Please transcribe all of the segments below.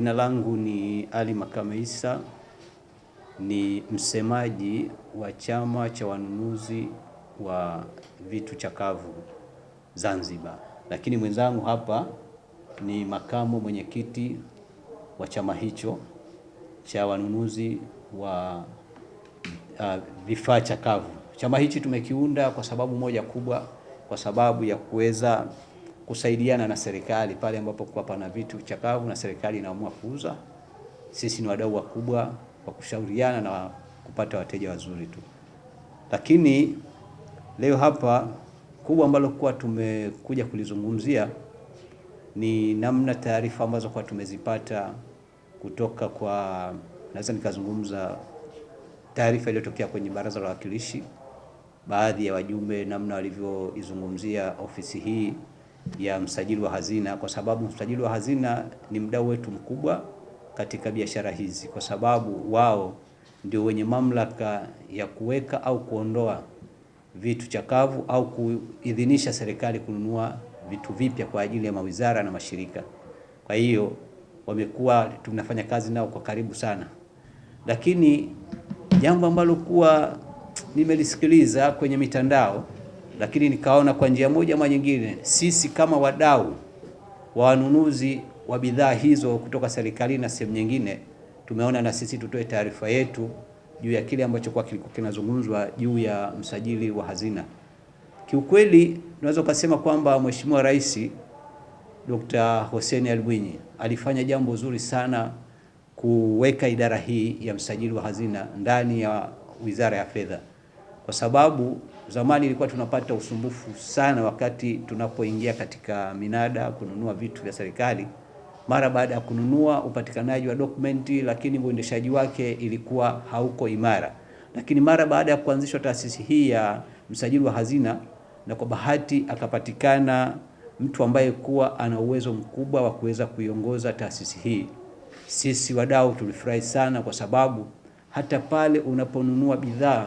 Jina langu ni Ali Makame Issa, ni msemaji wa chama cha wanunuzi wa vitu chakavu Zanzibar, lakini mwenzangu hapa ni makamu mwenyekiti wa chama hicho cha wanunuzi wa uh, vifaa chakavu. Chama hichi tumekiunda kwa sababu moja kubwa, kwa sababu ya kuweza kusaidiana na serikali pale ambapo kwa pana vitu chakavu na serikali inaamua kuuza, sisi ni wadau wakubwa wa kushauriana na kupata wateja wazuri tu. Lakini leo hapa kubwa ambalo kwa tumekuja kulizungumzia ni namna taarifa ambazo kwa tumezipata kutoka kwa, naweza nikazungumza taarifa iliyotokea kwenye Baraza la Wawakilishi, baadhi ya wajumbe namna walivyoizungumzia ofisi hii ya msajili wa hazina, kwa sababu msajili wa hazina ni mdau wetu mkubwa katika biashara hizi, kwa sababu wao ndio wenye mamlaka ya kuweka au kuondoa vitu chakavu au kuidhinisha serikali kununua vitu vipya kwa ajili ya mawizara na mashirika. Kwa hiyo wamekuwa tunafanya kazi nao kwa karibu sana, lakini jambo ambalo kuwa nimelisikiliza kwenye mitandao lakini nikaona kwa njia moja ama nyingine, sisi kama wadau wa wanunuzi wa bidhaa hizo kutoka serikalini na sehemu nyingine, tumeona na sisi tutoe taarifa yetu juu ya kile ambacho kwa kilikuwa kinazungumzwa juu ya msajili wa hazina. Kiukweli tunaweza kusema kwamba Mheshimiwa Rais Dr. Hussein Ali Mwinyi alifanya jambo zuri sana kuweka idara hii ya msajili wa hazina ndani ya Wizara ya Fedha kwa sababu Zamani ilikuwa tunapata usumbufu sana wakati tunapoingia katika minada kununua vitu vya serikali, mara baada ya kununua, upatikanaji wa dokumenti, lakini uendeshaji wake ilikuwa hauko imara. Lakini mara baada ya kuanzishwa taasisi hii ya msajili wa hazina, na kwa bahati akapatikana mtu ambaye kuwa ana uwezo mkubwa wa kuweza kuiongoza taasisi hii, sisi wadau tulifurahi sana, kwa sababu hata pale unaponunua bidhaa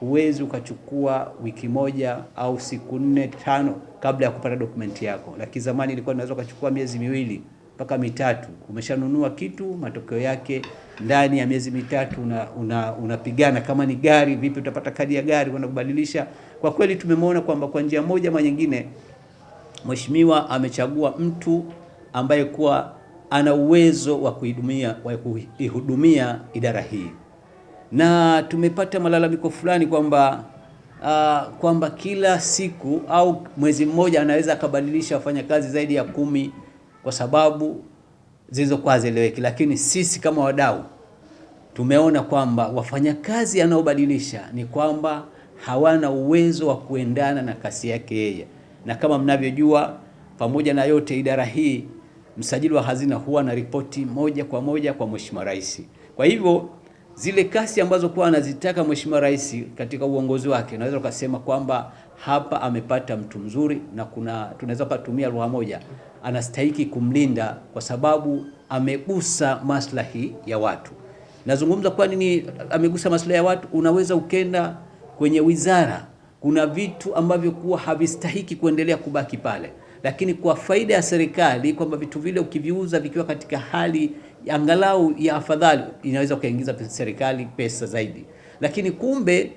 huwezi ukachukua wiki moja au siku nne tano kabla ya kupata dokumenti yako, lakini zamani ilikuwa inaweza ukachukua miezi miwili mpaka mitatu. Umeshanunua kitu, matokeo yake ndani ya miezi mitatu unapigana una, una kama ni gari, vipi utapata kadi ya gari kwenda kubadilisha. Kwa kweli tumemwona kwamba kwa njia moja ama nyingine mheshimiwa amechagua mtu ambaye kuwa ana uwezo wa kuihudumia idara hii na tumepata malalamiko fulani kwamba uh, kwamba kila siku au mwezi mmoja anaweza akabadilisha wafanyakazi zaidi ya kumi kwa sababu zilizokuwa hazieleweki, lakini sisi kama wadau tumeona kwamba wafanyakazi anaobadilisha ni kwamba hawana uwezo wa kuendana na kasi yake yeye, na kama mnavyojua, pamoja na yote, idara hii msajili wa hazina huwa na ripoti moja kwa moja kwa Mheshimiwa Rais. Kwa hivyo zile kasi ambazo kwa anazitaka Mheshimiwa Rais katika uongozi wake, naweza ukasema kwamba hapa amepata mtu mzuri, na kuna tunaweza kutumia lugha moja, anastahiki kumlinda kwa sababu amegusa maslahi ya watu. Nazungumza kwa nini amegusa maslahi ya watu? Unaweza ukenda kwenye wizara, kuna vitu ambavyo kuwa havistahiki kuendelea kubaki pale, lakini kwa faida ya serikali kwamba vitu vile ukiviuza vikiwa katika hali angalau ya afadhali, inaweza ukaingiza serikali pesa zaidi, lakini kumbe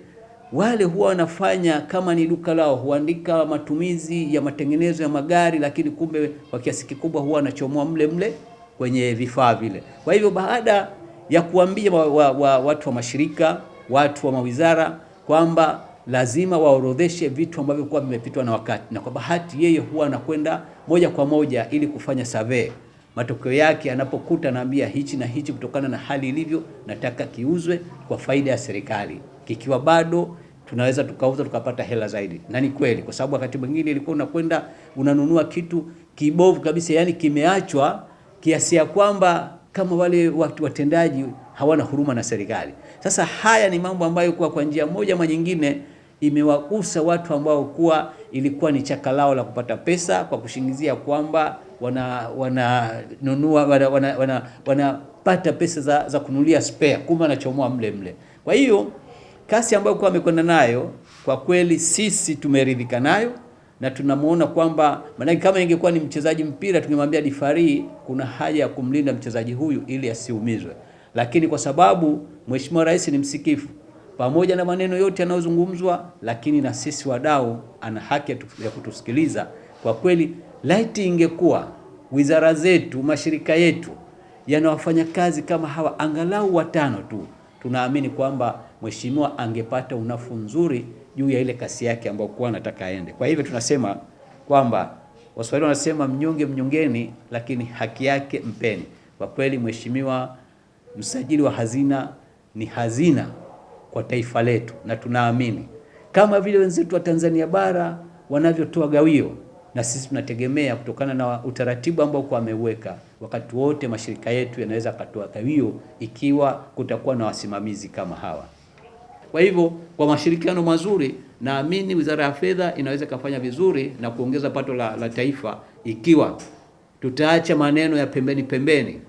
wale huwa wanafanya kama ni duka lao, huandika matumizi ya matengenezo ya magari, lakini kumbe kwa kiasi kikubwa huwa wanachomoa mle mle kwenye vifaa vile. Kwa hivyo baada ya kuambia wa, wa, wa, watu wa mashirika, watu wa mawizara kwamba lazima waorodheshe vitu ambavyo kwa vimepitwa na wakati, na kwa bahati yeye huwa anakwenda moja kwa moja ili kufanya survey. Matokeo yake anapokuta, naambia hichi na hichi, kutokana na hali ilivyo, nataka kiuzwe kwa faida ya serikali, kikiwa bado tunaweza tukauza tukapata hela zaidi. Na ni kweli, kwa sababu wakati mwingine ilikuwa unakwenda unanunua kitu kibovu kabisa, yani kimeachwa kiasi ya kwamba kama wale watu watendaji hawana huruma na serikali. Sasa haya ni mambo ambayo kwa kwa njia moja ama nyingine imewagusa watu ambao kuwa ilikuwa ni chaka lao la kupata pesa kwa kushingizia kwamba wana wananunua wanapata wana, wana, wana pesa za, za kununulia spare, kumbe anachomoa mle mle. Kwa hiyo kasi ambayo kuwa amekwenda nayo kwa kweli sisi tumeridhika nayo na tunamuona kwamba maanake, kama ingekuwa ni mchezaji mpira tungemwambia difari, kuna haja ya kumlinda mchezaji huyu ili asiumizwe, lakini kwa sababu Mheshimiwa Rais ni msikifu pamoja na maneno yote yanayozungumzwa, lakini na sisi wadau ana haki ya kutusikiliza. Kwa kweli, laiti ingekuwa wizara zetu, mashirika yetu yana wafanyakazi kama hawa angalau watano tu, tunaamini kwamba mheshimiwa angepata unafu nzuri juu ya ile kasi yake ambayo kwa anataka aende. Kwa hivyo tunasema kwamba Waswahili wanasema mnyonge mnyongeni, lakini haki yake mpeni. Kwa kweli, mheshimiwa msajili wa hazina ni hazina kwa taifa letu, na tunaamini kama vile wenzetu wa Tanzania bara wanavyotoa gawio, na sisi tunategemea kutokana na utaratibu ambao kwa ameuweka, wakati wote mashirika yetu yanaweza katoa gawio ikiwa kutakuwa na wasimamizi kama hawa. Kwa hivyo kwa mashirikiano mazuri, naamini Wizara ya Fedha inaweza ikafanya vizuri na kuongeza pato la, la taifa ikiwa tutaacha maneno ya pembeni pembeni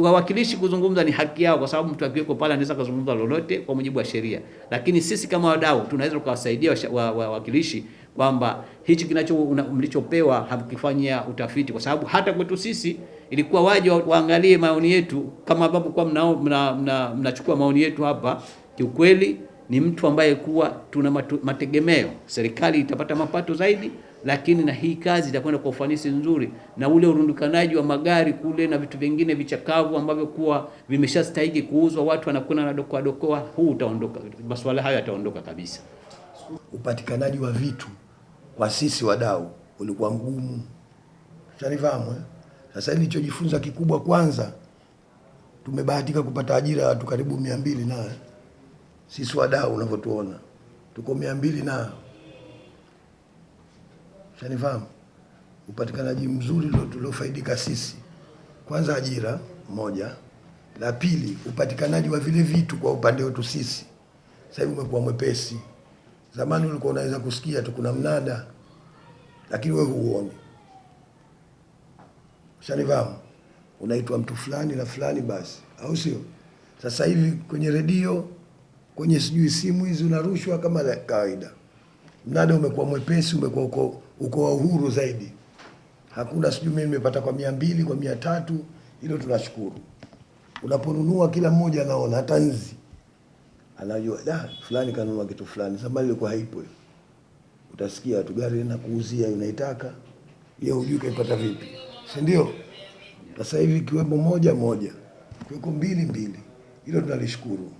wawakilishi kuzungumza ni haki yao, kwa sababu mtu akiweko pale anaweza kuzungumza lolote kwa mujibu wa sheria, lakini sisi kama wadau tunaweza tukawasaidia wawakilishi kwamba hichi kinacho mlichopewa hakifanyia utafiti, kwa sababu hata kwetu sisi ilikuwa waje waangalie maoni yetu, kama ambavyo kwa mnachukua mna, mna, mna maoni yetu hapa. Kiukweli ni mtu ambaye kuwa tuna mategemeo serikali itapata mapato zaidi lakini na hii kazi itakwenda kwa ufanisi nzuri, na ule urundukanaji wa magari kule na vitu vingine vichakavu ambavyo kuwa vimeshastahili kuuzwa, watu wanakwenda na dokoa dokoa, huu utaondoka, masuala hayo yataondoka kabisa. Upatikanaji wa vitu kwa sisi wadau ulikuwa mgumu, eh? Sasa nilichojifunza kikubwa, kwanza tumebahatika kupata ajira ya watu karibu mia mbili, na sisi wadau unavyotuona tuko mia mbili na shanifahamu upatikanaji mzuri tuliofaidika sisi, kwanza ajira moja, la pili upatikanaji wa vile vitu kwa upande wetu sisi sasa hivi umekuwa mwepesi. Zamani ulikuwa unaweza kusikia tu kuna mnada, lakini wewe huoni, shanifahamu unaitwa mtu fulani na fulani basi, au sio? Sasa hivi kwenye redio, kwenye sijui simu hizi unarushwa kama kawaida. Mnada umekuwa mwepesi, umekuwa uko uko wa uhuru zaidi. Hakuna sijui mimi nimepata kwa mia mbili kwa mia tatu hilo tunashukuru. Unaponunua kila mmoja anaona, hata nzi anajua da fulani kanunua kitu fulani, zamani ilikuwa haipo Utasikia tu gari linakuuzia unaitaka, yeye hujui kaipata vipi, si ndio? Sasa hivi kiwemo moja moja, kiweko mbili mbili, hilo tunalishukuru.